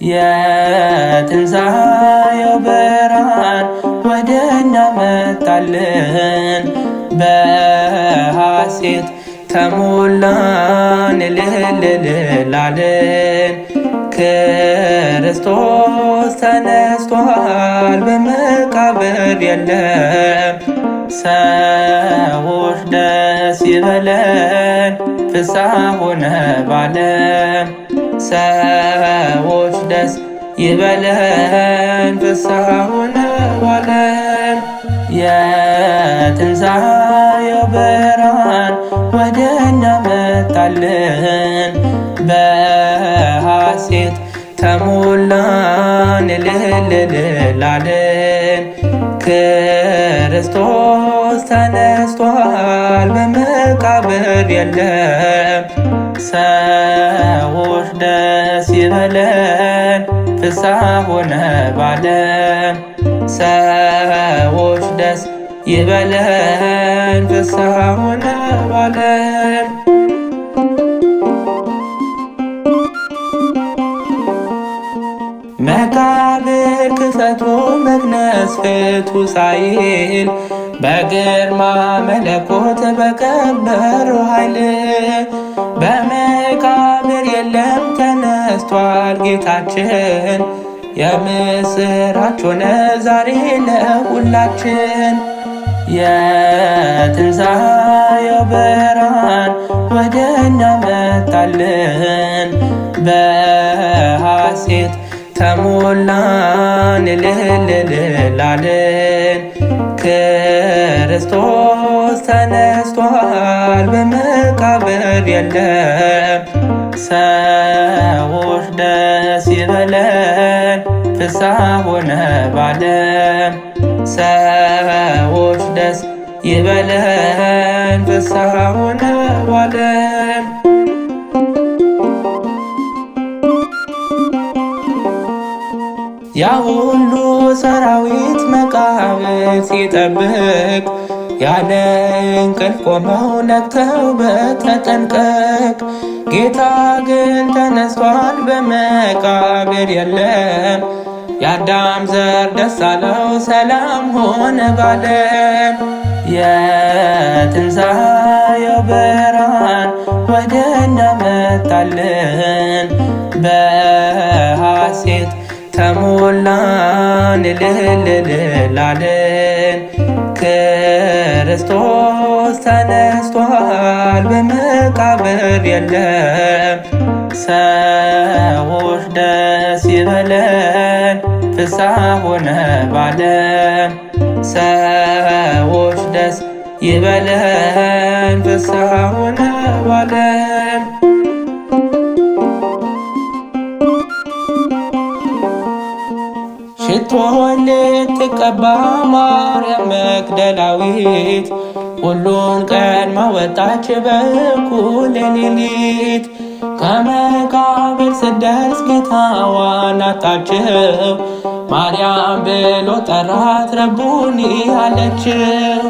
يا تنزع يا بني ሲጠራን ወደ እናመጣለን በሐሴት ተሞላን ልልልላለን ክርስቶስ ተነስቷል፣ በመቃብር የለም። ሰዎች ደስ ይበለን፣ ፍሳ ሆነ ባለም ሰዎች ደስ ይበለን ፍስሐውን ዋለን የትንሣኤው ብርሃን ወደ እኛ መጣልን በሐሴት ተሞላን ልልልላልን ክርስቶስ ተነስቷል በመቃብር የለም ሰዎች ደስ ይበለን ፍስሐ ሆነ ባለም ሰዎች ደስ ይበለን ፍስሐ ሆነ ባለም መቃብር ክፈቱ መግነስ ፍቱ ሳይል በግርማ መለኮት በከበሩ ኃይል መጥቷል ጌታችን። የምስራች ሆነ ዛሬ ለሁላችን የትንሣኤው ብርሃን ወደ እኛ መጣልን። በሐሴት ተሞላን ልልልላልን ክርስቶስ ተነስቷል በመቃብር የለም ንስሐ ሆነ ሰዎች ደስ ይበለን ፍስሐ ሆነ ባለም ያ ሁሉ ሰራዊት መቃብት ሲጠብቅ ያለ እንቅልፍ ቆመው ነቅተው በተጠንቀቅ ጌታ ግን ተነስቷል፣ በመቃብር የለም። የአዳም ዘር ደስ አለው ሰላም ሆነ ባለም የትንሣኤው ብርሃን ወደ እኛ መጣልን በሐሴት ተሞላን ልልልላልን ክርስቶስ ተነስቷል በመቃብር የለም ሰዎች ደስ ይበለን ፍስሐ ሆነ ባለም ሰዎች ደስ ይበለን ፍስሐ ሆነ ባለም ሽቶን ትቀባ ማርያም መግደላዊት ሁሉን ቀን ማወጣች በኩለ ሌሊት ከመቃብር ስደርስ ጌታዋን አጣችው። ማርያም ብሎ ጠራት ረቡኒ አለችው።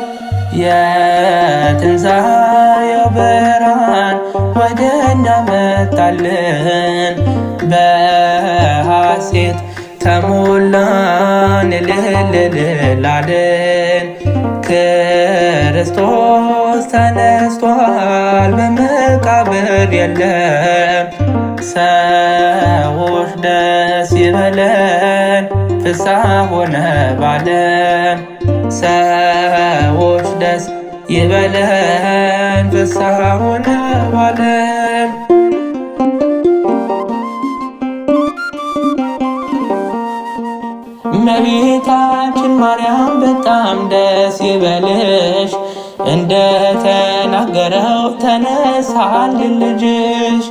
የትንሣኤው ብርሃን ወደ እኛ መጣልን፣ በሐሴት ተሞላን እልል ክርስቶስ ተነስቷል፣ በመቃብር የለም። ሰዎች ደስ ይበለን፣ ፍሳ ሆነ ባለም። ሰዎች ደስ ይበለን፣ ፍሳ ሆነ ባለም። እመቤታችን ማርያም በጣም ደስ ይበልሽ እንደ ተናገረው ተነሳ ልልጅሽ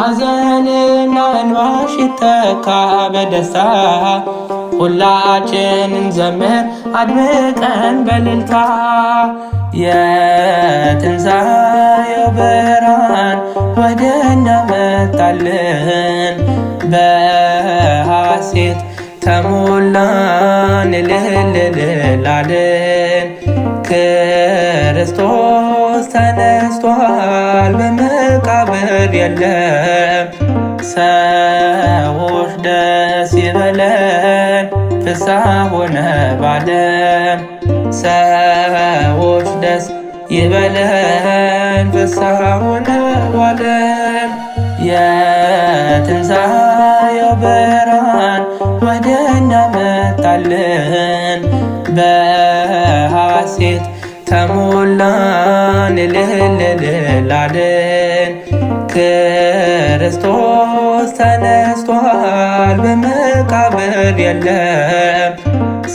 አዘንና እንባሽ ይተካ በደስታ ሁላችን ዘምር አድምቀን በልልታ የትንሣኤው ብርሃን ወደና መጣልን በሐሴት ተሞላን ልልልላልን ክርስቶስ ተነስቷል፣ በመቃብር የለም። ሰዎች ደስ ይበለን፣ ፍሳ ሆነ ባለም። ሰዎች ደስ ይበለን፣ ፍሳ ሆነ ባለም። የትንሣኤው ብርሃን ወደ እኛ መጣልን በሐሴት ተሞላን ልልልላልን ክርስቶስ ተነስቷል፣ በመቃብር የለም።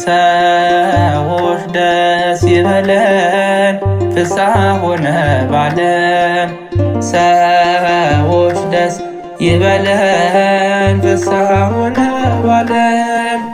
ሰዎች ደስ ይበለን፣ ፍሳ ሆነ ባለም። ሰዎች ደስ ይበለን፣ ፍሳ ሆነ ባለም።